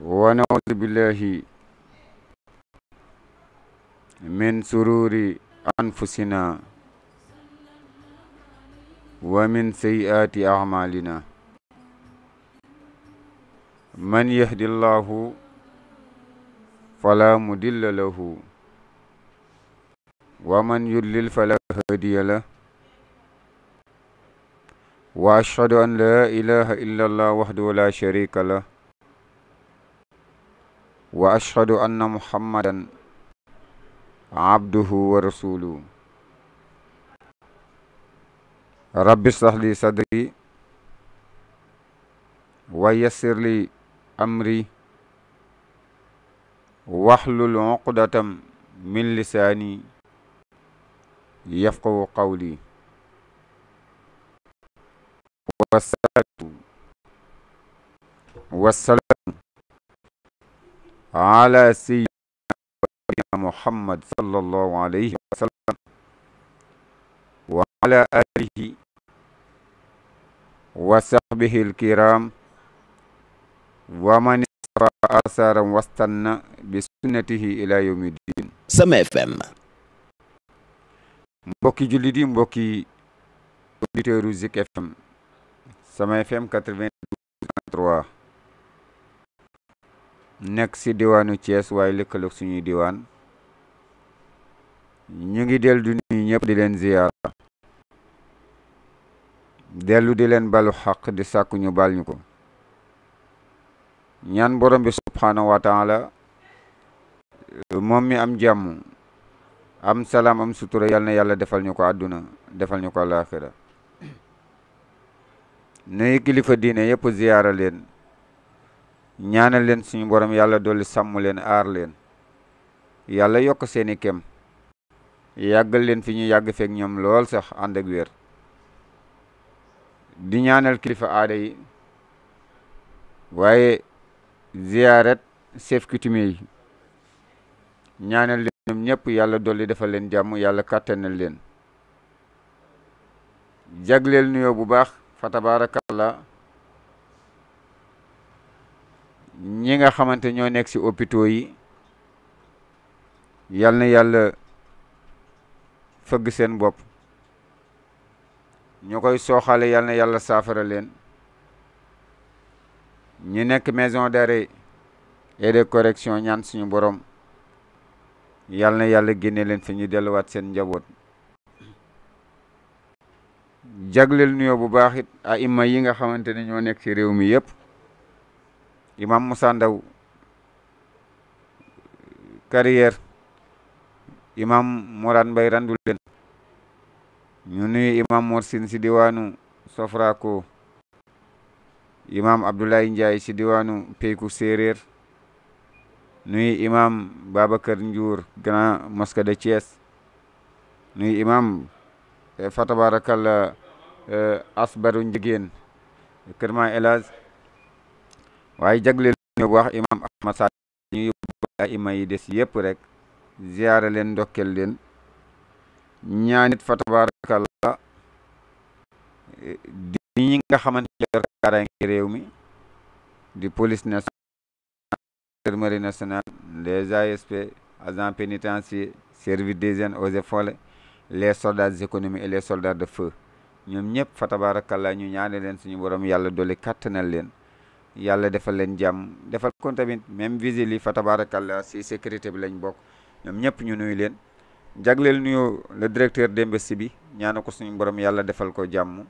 ونعوذ بالله من سرور أنفسنا ومن سيئات أعمالنا من يهد الله فلا مضل له ومن يضلل فلا هادي له وأشهد أن لا إله إلا الله وحده لا شريك له wa ashhadu anna muhammadan abduhu wa rasuluhu rabbi shrah li sadri wa yassir li amri wahlul uqdatam min lisaani yafqahu qawli wassalatu wassalamu ala sayyidina muhammad sallallahu alayhi wa sallam wa ala alihi wa sahbihi alkiram wa man istafa asaram wastanna bi sunnatihi ila yawmi din Sama FM mbokki jullit yi mbokki auditeurs Zik FM Sama FM 92.3 nekk ci diwaanu Thiès waaye lëkkaloog suñuy diwaan ñu ngi dellu di nuyu ñëpp di leen ziyaara dellu di leen balu xaq di sàkku ñu bal ñu ko ñaan borom bi subhaanahu wa moom mi am jàmm am salaam am sutura yal na yàlla defal ñu ko àdduna defal ñu ko alaaxira nuyu kilifa diine yëpp ziyaara leen ñaanal leen suñu borom yàlla dolli sàmm leen aar leen yàlla yokk seeni kem yàggal leen fi ñu yàgg feek ñoom lool sax ànd ak wér di ñaanal kilifa aada yi waaye ziyaret chef coutume yi ñaanal leen ñoom ñëpp yàlla dolli defal leen jàmm yàlla kàttanal leen jagleel nuyoo bu baax fa tabaarakalla ñi nga xamante ñoo nekk si hôpitaux yi yal na yàlla fëgg seen bopp ñu koy sooxale yal na yàlla saafara leen ñu nekk maison d'arrêt et de correction ñaan suñu borom yal na yàlla génne leen fi ñu delluwaat seen njaboot jagleel nuyo bu baax it a imma yi nga xamante ne ñoo nekk ci réew mi yëpp imam Moussa Ndaw carrière imam Moran Mbay randu leen ñu nuyu imam Mor Sin si diwaanu Sofrako imam Abdoulaye Ndiaye si diwaanu Peyku Séeréer nuyu imam Babacar Ndiour Grand Mosquée de Thiès nuyu imam eh, fa tabaarakalla eh, asbaru njigéen kër ma elage waaye jagleel ñu wax imaam ahmad sa ñu yóbbu ay ima yi des yépp rek ziyaara leen ndokkeel leen ñaanit fa tabarakallah di ñi nga xamante ne yor réew mi di police nationale gendarmerie nationale les ASP agents pénitentiaires service des en eaux et forêts les soldats d'économie les soldats de feu ñoom ñëpp fa tabarakallah ñu ñaane leen suñu borom yàlla doole kattanal leen yàlla defal leen jàmm defal kon tamit même vigile yi fa tabarakallah si sécurité bi lañ bokk ñoom ñëpp ñu nuyu leen jagleel nuyu le directeur d'embassi bi ñaana ko suñu borom yàlla defal ko jàmm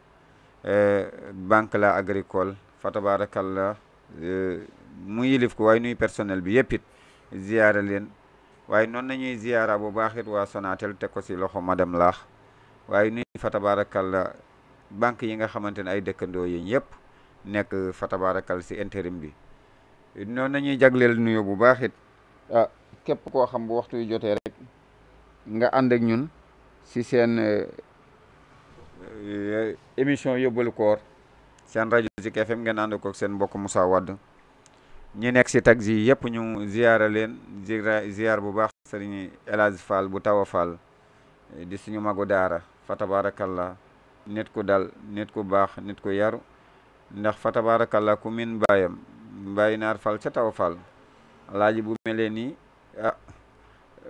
eh, banque la agricole fa tabarakallah eh, mu yilif ko waaye nuyu personnel bi yëpp it ziyaara leen waaye noonu nañuy ziyaara bu baax it waa Sonatel teg ko si loxo madame laax waaye nuyu fa tabarakallah banque yi nga xamante ne ay dëkkandoo yéen yëpp nekk fa si intérim bi noonu nañuy jagleel nuyo bu baaxit a ah képp koo xam bu waxtu yu jotee rek nga ànd ak ñun si seen eh, eh, émission yóbbalu koor seen rajo Zik FM ngeen ànd ko seen mbokk Moussa wadd ñi nekk si taxi yi yëpp ñu ziyaara leen ziyaar bu baax sëriñ El Hadj Fall bu Tawa Fall di suñu magu daara fa tabaarakal la nit ko dal nit ku baax nit ko yaru ndax fa tabaarakàlla ku min bayam mbaay naar fal ca taw fal laaji bu melee nii ah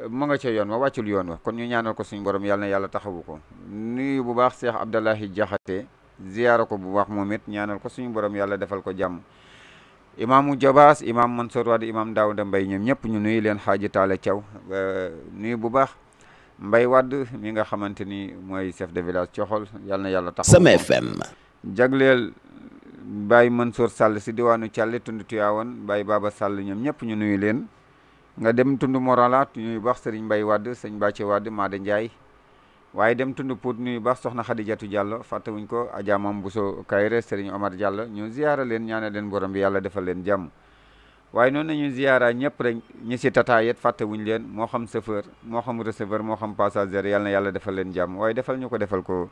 ma nga ca yoon wa wàccul yoon wa kon ñu ñaanal ko suñu borom yàlla na yàlla taxawu ko nuyu bu baax Cheikh Abdallahi Jaxate ziyaara ko bu baax moom it ñaanal ko suñu borom yàlla defal ko jàmm imaamu Jabaas imaam Mansour Wade imaam Daawuda Mbay ñoom ñëpp ñu nuyu leen xaaji taala Thiaw nuyu bu baax Mbay Wade mi nga xamante ni mooy chef de village Coxol yàlla na yàlla taxawu ko Sama FM Baye Mansour Sall si diwaanu Thialé tund Tuyaawoon Baye Baba Sall ñoom ñëpp ñu nuyu leen nga dem tund Morala nuyu baax Serigne Mbaye Wade sëñ Bàcce Wade Maada Ndiaye waaye dem tund Pout nuyu baax soxna Xadijatu Diallo wuñ ko Adja Mam Bousso Kayre Serigne Omar Diallo ñu ziyaara leen ñaanal leen borom bi yàlla defal leen jàmm waaye noonu nañu ziyaara ñëpp rek ñi si tataayet fàttewuñ leen moo xam chauffeur moo xam receveur moo xam passager yàlla na yàlla defal leen jàmm waaye defal ñu ko defal ko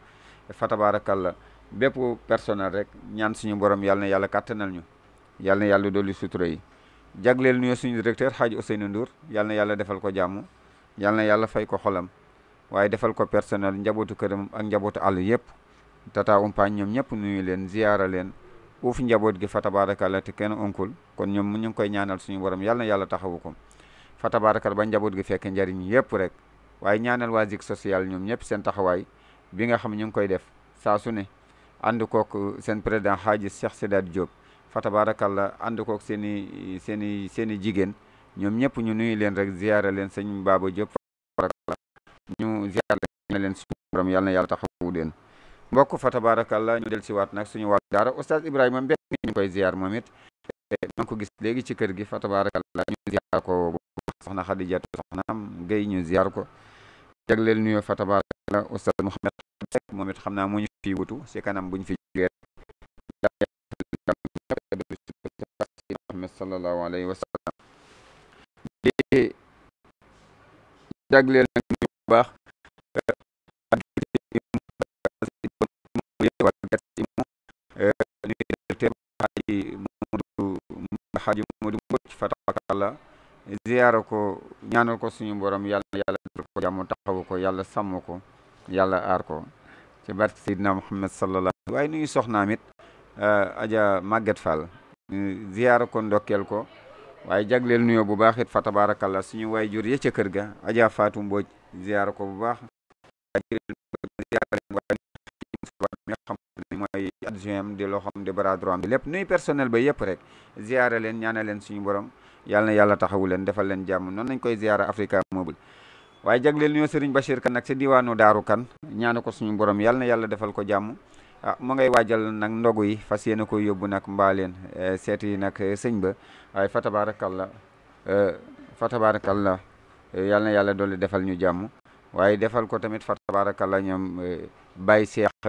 fa tabaarakalla bépp personnel rek ñaan suñu borom yàlla na yàlla kàttanal ñu yàlla na yàlla dolli sutura yi jagleel nuyoo suñu directeur Hadj Ousseynou Ndour yàlla na defal ko jàmm yàlla na yàlla fay ko xolam waaye defal ko personnel njabootu këram ak njabootu àll yëpp tata umpaañ ñoom ñëpp nuyu leen ziyaara leen uuf njaboot gi fa tabaarakalla te kenn onkul kon ñoom ñu ngi koy ñaanal suñu borom yàlla na yàlla taxawu ko fa tabaarakalla ba njaboot gi fekkee njariñ yëpp rek waaye ñaanal waa Zik social ñoom ñëpp seen taxawaay bi nga xam ñu ngi koy def saa su ne ànd kook seen président Hadji Cheikh Sedat Diop fa tabarakallah ànd kook seen i seen i jigéen ñoom ñëpp ñu nuyu leen rek ziyaara leen sëñ Baba Diop fatabarakallah ñu ziyaara leen ne leen borom yàlla na yàlla taxawu leen mbokk fa tabarakallah ñu del si waat nag suñu wàllu daara oustaz Ibrahima Mbeng ñu koy ziyaar moom it ko gis léegi ci kër gi fa tabarakallah ñu ziyaar ko soxna Xadijatu soxnaam Gay ñu ziyaar ko jagleel nuyoo fa tabarakallah oustaz Mouhamed Seck xam na moo ñu fi wutu si kanam buñ fi jógee Muhammad sallallahu alayhi wa di jagleel nag ñu baax xaaji Moodu Mbodj fatakalla ziyaara ko ñaanal ko suñu borom yàlla yàlla dal ko jàmm taxawu ko yàlla aar ko ci barke Seydina Muhammad sallallahu waaye nuyu soxnaam it eh, aja Maguette Fall ziyaara ko ndokkeel ko waaye jagleel nuyoo bu baax it fa tabarakallah suñu waay jur ya ca kër ga aja faatu Mbodj ziyaara ko bu baax mooy adjoint am di loxoom di bras droit am di lépp nuy personnel ba yëpp rek ziyaara leen ñaana leen suñu borom yàlla na yàlla taxawu leen defal leen jàmm noonu nañ koy ziyaara Africa Mobile waaye jagleel ñoo Serigne Bachir Kane nag sa diwaanu Daaru Kane ñaanu ko suñu borom yàlla na yàlla defal ko jàmm ah mu ngay waajal nag ndogu yi fas yéene ko yóbbu nag mbaaleen eh, seet nag eh, sëñ ba waaye fa tabaarakalla eh, fa tabaarakalla yàlla na yàlla dolli defal ñu jàmm waaye defal ko tamit fa tabaarakalla ñoom Baye Cheikh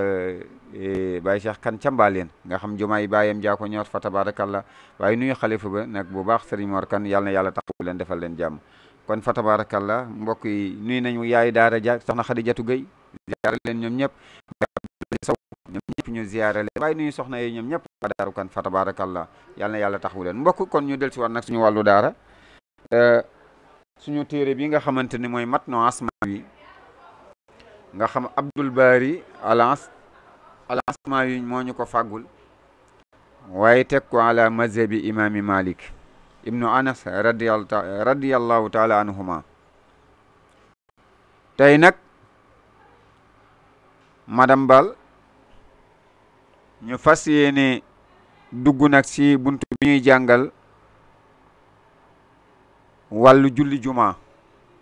Baye Cheikh Kane ca mbaaleen nga xam jumaay baayam jaa ko ñor fa tabaarakalla waaye nuyu xalifa ba nak bu baax Serigne Mor Kane yàlla na yàlla leen defal leen jàmm kon fa tabarakallah mbokk yi nuyu nañu yaayu daara ja soxna Xadijatu Gey ziyaara leen ñoom ñëpp saw ñu ziyaara leen waaye nuyu soxna yi ñoom ñëpp waa daaru kan fa tabarakallah yal yàlla taxawu leen mbokk kon ñu del si waat suñu wàllu daara euh, suñu téere bi nga xamante ni mooy mat no asmaawi nga xam Abdul Baari alans alancement yi moo ñu ko fàggul waaye teg ko ala mazhabi imaami Malik ibnu anas radiyallahu taala anhuma tey nag madame Bal ñu fas yéene dugg nag ci buntu bi ñuy jàngal wàllu julli juma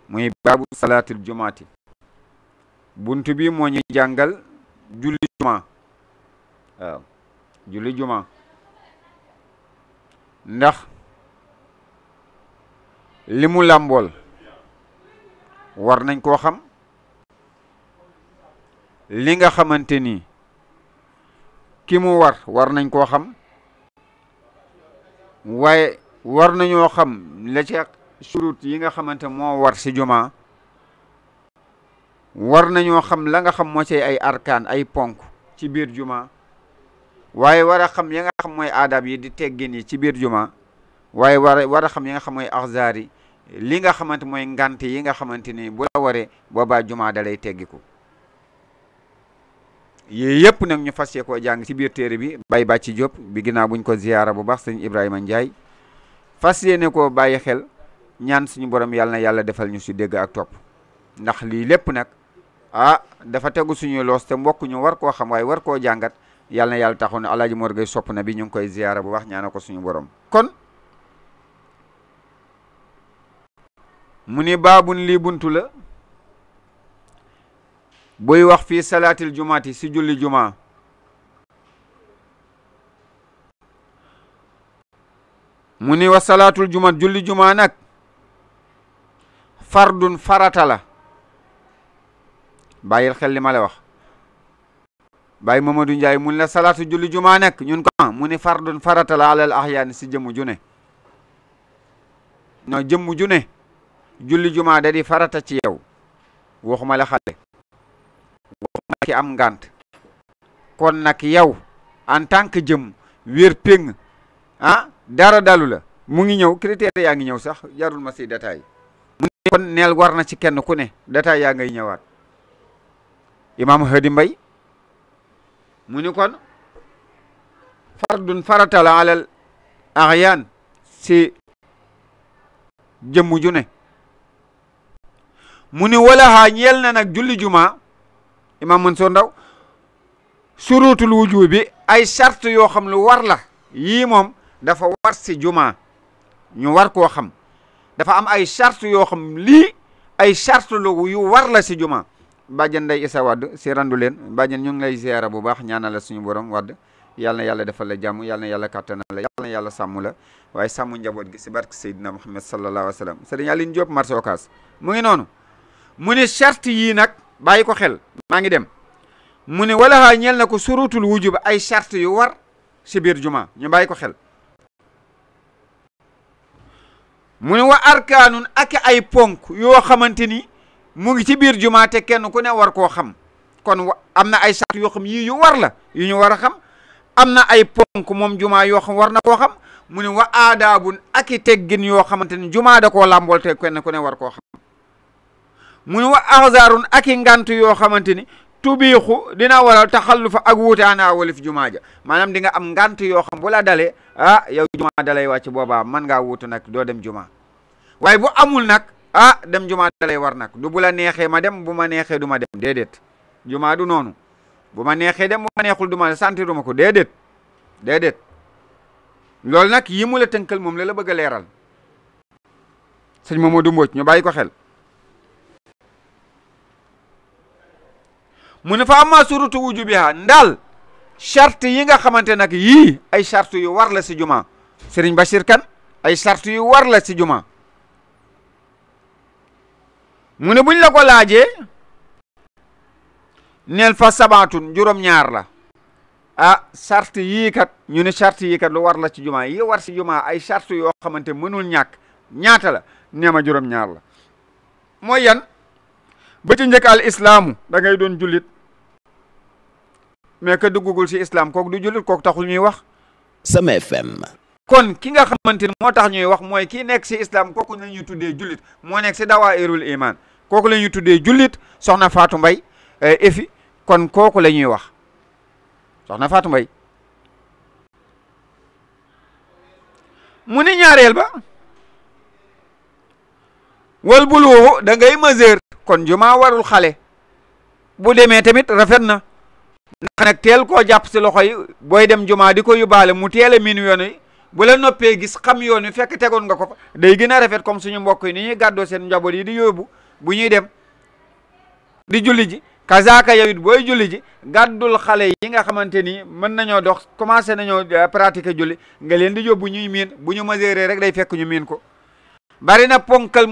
muy baabu salaatil jumaati buntu bi moo jàngal julli juma julli juma ndax limu mu làmbool war nañ koo xam li nga xamante ni ki mu war war nañ koo xam waaye war nañoo xam la ci surut yi nga xamante moo war si jumaa war nañoo xam la nga xam moo ci ay arkan ay ponk ci biir jumaa waaye war a xam ya nga xam mooy aadab yi di teggin yi ci biir jumaa waaye war war a xam ya nga xam mooy axzaar li nga xamante mooy ngant yi nga xamante ni bu la waree boobaa jumaa da lay teggiku yii yëpp nag ñu fas yee koo jàng ci biir téere bi bay ci Diop bi ginnaaw buñ ko ziyaara bu baax sëñ Ibrahima Ndiaye fas ne koo bàyyi xel ñaan suñu borom yàlla na yàlla defal ñu si dégg ak topp ndax lii lépp nag a ah, dafa tegu suñuy loos te mbokk ñu war koo xam waaye war koo jàngat yàlla na yàlla taxoon na Alaaji Mor sopp na bi ñu ngi koy ziyaara bu baax ñaana ko suñu borom kon mu ni baabun lii buntu la buy wax fii salaatil jumaati si julli juma mu ni wa salaatul jumaat julli jumaa nag fardun farata la bàyyil xel li ma la wax bàyyi Mamadou Ndiaye mun la salaatu julli jumaa nekk ñun ko mu ni fardun farata la alal ahyaan si jëmm ju ne non jëmm ju ne julli jumaa da farata ci yow waxuma la xale waxuma la ci am ngànt kon nag yow en tant que jëm wér péng ah dara dalu la mu ngi ñëw critère yaa ngi ñëw sax jarul ma si détail mu ne kon neel war na ci kenn ku ne détail yaa ngay ñëwaat imaam Hadi Mbay mu ni kon fardun farata la alal axyaan si jëmm ju ne mu ne wala haa ñeel na nag julli juma imaam Mansour Ndaw surutul wujubi ay charte yoo xam lu war la yii moom dafa war si juma ñu war koo xam dafa am ay charte yoo xam lii ay charte lu yu war la si juma bàjjen nday isa wadd si randu leen bàjjen ñu ngi lay ziyaara bu baax ñaanal la suñu borom wadd yàlla na yàlla defal la jàmm yàlla na yàlla kàttanal la yàlla na yàlla sàmm la waay sàmm njaboot gi si barke Seydina Muhammad sallallahu alayhi wa sallam Sëriñ Aline Diop marché Ocass mu noonu mu ne charte yii nag bàyyi ko xel maa ngi dem mu ne wala xaa ñeel na ko surutul wujub ay charte yu war si biir juma ñu bàyyi ko xel mu ne wa arkaanun ak ay ponk yoo xamante ni mu ngi ci biir juma te kenn ku ne war koo xam kon am na ay charte yoo xam yii yu war la yu ñu war a xam am na ay ponk moom juma yoo xam war na ko xam mu ne wa aadaabun ak i teggin yoo xamante ni juma da koo làmbool te na ku ne war koo xam mu ne wa axzaarun ak i ngant yoo xamante ni tubiixu dina waral taxallufa ak wuutaanaa walif jumaa ja maanaam di nga am ngant yoo xam bu la dalee ah yow jumaa dalay wàcc boobaa mën ngaa wuutu nag doo dem jumaa waaye bu amul nag ah dem jumaa dalay war nag du bu la neexee ma dem bu ma neexee du ma dem déedéet jumaa du noonu bu ma neexee dem bu ma neexul du ma santiru ma ko déedéet déedéet loolu nag yi mu la tënkal moom la la bëgg a leeral sëñ Mamadou Mbodj ñu bàyyi ko xel mu ne fa amma surutu wujubiha ndaal charte yi nga xamante nag yii ay charte yu war la si juma Serigne Bachir Kane ay charte yu war la si juma mu ne buñ la ko laajee neel fa sabaatun juróom-ñaar la ah charte yii kat ñu ne charte yi kat lu war la ci juma yi war si juma ay charte yoo xamante mënul ñàkk ñaata la neema juróom-ñaar la mooy yan ba ci njëkk al islaamu da ngay doon jullit mais que duggugul ci islaam kook du jullit kook taxul ñuy wax. Sama FM. kon ki nga xamante ni moo tax ñuy wax mooy kii nekk ci islam kooku la ñuy tuddee jullit moo nekk ci dawaa'irul imaan kooku la ñuy tuddee jullit soxna faatu mbay eh, efi kon kooku la ñuy wax soxna faatu Mbaye mu ni ñaareel ba wal buluuxu da ngay kon jumaa warul xale bu demee tamit rafet na ndax nag teel koo jàpp si loxo yi booy dem jumaa di ko yóbbaale mu teel a miin yoon bu la noppee gis xam yoon wi fekk tegoon nga ko fa day gën a rafet comme suñu mbokk yi ni ñuy gàddoo seen njaboot yi di yóbbu bu ñuy dem di julli ji kaza yow it booy julli ji gàddul xale yi nga xamante ni mën nañoo dox commencé nañoo euh, pratiquer julli nga leen di yóbbu ñuy miin bu ñu mesurer rek day fekk ñu miin ko bari na ponkal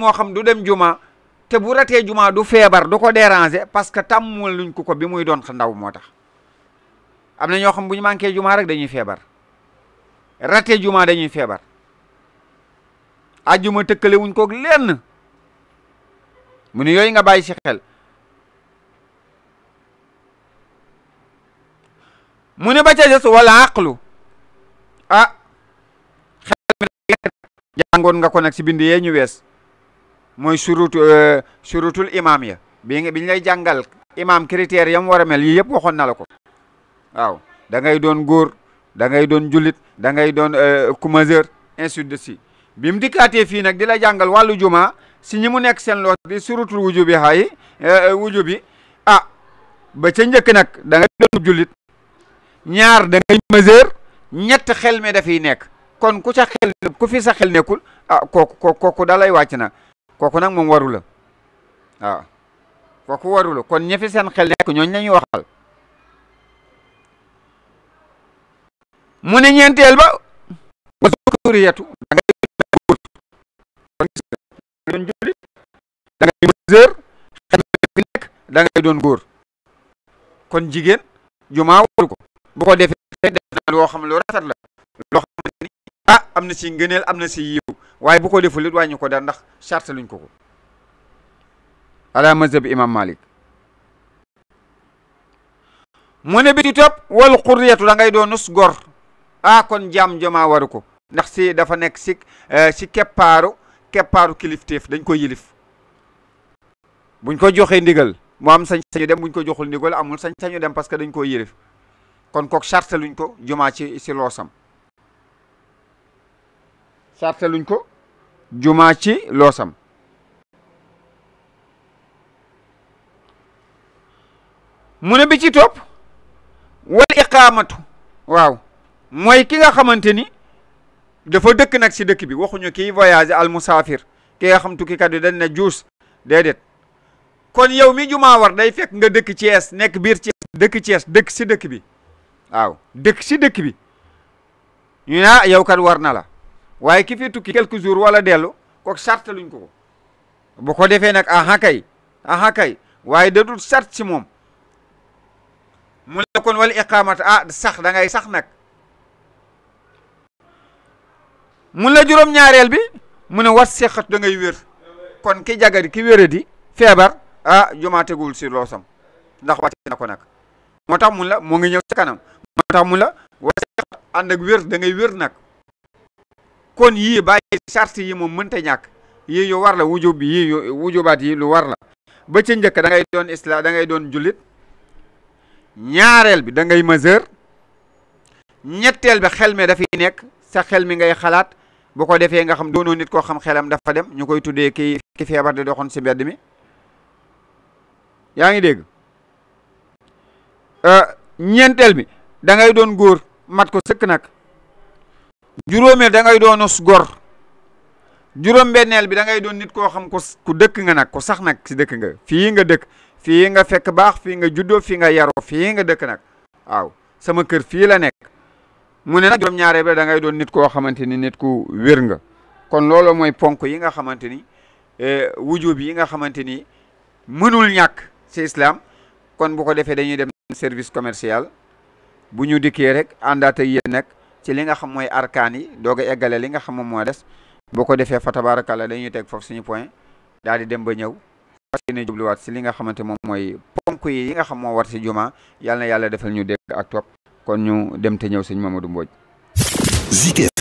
te bu ratee jumaa du feebar du ko déranger parce que tàmmul luñ ko ko bi muy doon ndaw moo tax am na ñoo xam bu ñu manqué jumaa rek dañuy feebar ratee jumaa dañuy feebar ajjuma tëkkale wuñ koog lenn mu ne yooyu nga bàyyi si xel mu ne ba ca des wala aqlu ah xel mi nga ko nag si bind yee ñu wees mooy surut euh, surutul imaam ya bi nga lay jàngal imaam critères mu war a mel yii yëpp waxoon na la ko waaw da ngay doon góor da ngay doon julit da ngay doon euh, kumaseur ainsi de suite bi mu dikkaatee fii nag di la jàngal wàllu juma si ñi mu nekk seen loos di surutul wuju bi xaay euh, wuju bi ah ba ca njëkk nag da ngay doon jullit ñaar da ngay ñett xel mi dafiy nekk kon ku ca ku fi sa xel nekkul ah kooku kooku kooku dalay wàcc na kooku nag moom waru la waaw kooku waru la kon ña fi seen xel nekk ñooñ la ñuy waxal mu ne ñeenteel ba wa zurriyatu da ngay góor kon gis nga doon jullit da ngay meseur xel fi nekk da ngay doon góor kon jigéen jumaa waru ko bu ko defee def na loo xam lu rafet la loo xam ne ah am na si ngëneel am na si yiw waaye bu ko deful it wàññi ko dara ndax charte luñ ko ko ala mazhab imam malik mu ne bi ci topp wal xurriyatu doon ngay doonus gor ah kon jaam jomaa waru ko ndax si dafa nekk si eh, si keppaaru keppaaru kilifteef dañ ko yilif buñ ko joxee ndigal mu am sañ-sañu dem buñ ko joxul ndigal amul sañ-sañu dem parce que dañ ko yilif kon kook charte luñ ko jomaa ci si loosam sartaluñ ko jumaa ci loosam mu ne bi ci topp wal iqaamatu waaw mooy ki nga xamante ni dafa dëkk nag si dëkk bi waxuñu kiy voyage al musaafir ki nga xam tukkikat yi dañ ne juus déedéet kon yow mi jumaa war day fekk nga dëkk Thiès nekk biir Thiès dëkk Thiès dëkk bi waaw dëkk si dëkk bi ñu ne ah, yow kat war na la waaye ki fi tukki quelques jours wala dellu ko charte luñ ko ko bu ko defee nag aha kay waaye da dul charte ci moom mu ne kon wala iqaamat ah sax da ngay sax nag mun la juróom-ñaareel bi mu ne wat seqat da ngay wér kon ki jagari ki di feebar ah jumaategul si loosam ndax wàcc na ko nag moo tax mun la moo ngi ñëw sa kanam moo tax mun la wat seqat ànd ak wér da ngay wér nag kon yii bàyyi charte yi moom mënta ñàkk yii yu war la wujub yii yu wujubaat yi lu war la ba ca njëkk da ngay doon islam da ngay doon jullit ñaareel bi dangay ngay ñetteel bi xel mi dafay nekk sa xel mi ngay xalaat boo ko defee nga xam doonoo nit koo xam xelam dafa dem ñu koy tuddee ki ki feebar di doxoon si mbedd mi yaa ngi dégg euh, ñeenteel bi dangay doon góor mat ko sëkk nag juróomeel da ngay doon gor juróom-benneel bi da ngay doon nit koo xam ko ku dëkk nga nag ku sax nag si dëkk nga fii nga dëkk fii nga fekk baax fii nga juddoo fii nga yaroo fii nga dëkk nag waaw sama kër fii la nekk mu ne nag juróom-ñaareel bi da ngay doon nit koo xamante ni nit ku wér nga kon looloo mooy ponk yi nga xamante ni eh, wujub yi nga xamante ni mënul ñàkk si islam kon bu ko defee dañuy dem service commercial bu ñu dikkee rek àndaat ak nekk ci li nga xam mooy arkaan yi doog a eggale li nga xam moom moo des boo ko defee fa tabaarakalla dañuy teg foofu suñu point daal di dem ba ñëw fas yéene jubluwaat si li nga xamante moom mooy ponk yi yi nga xam moo war si juma yàlla na yàlla defal ñu dégg ak topp kon ñu dem te ñëw sëñ Mamadou Mbodj Zik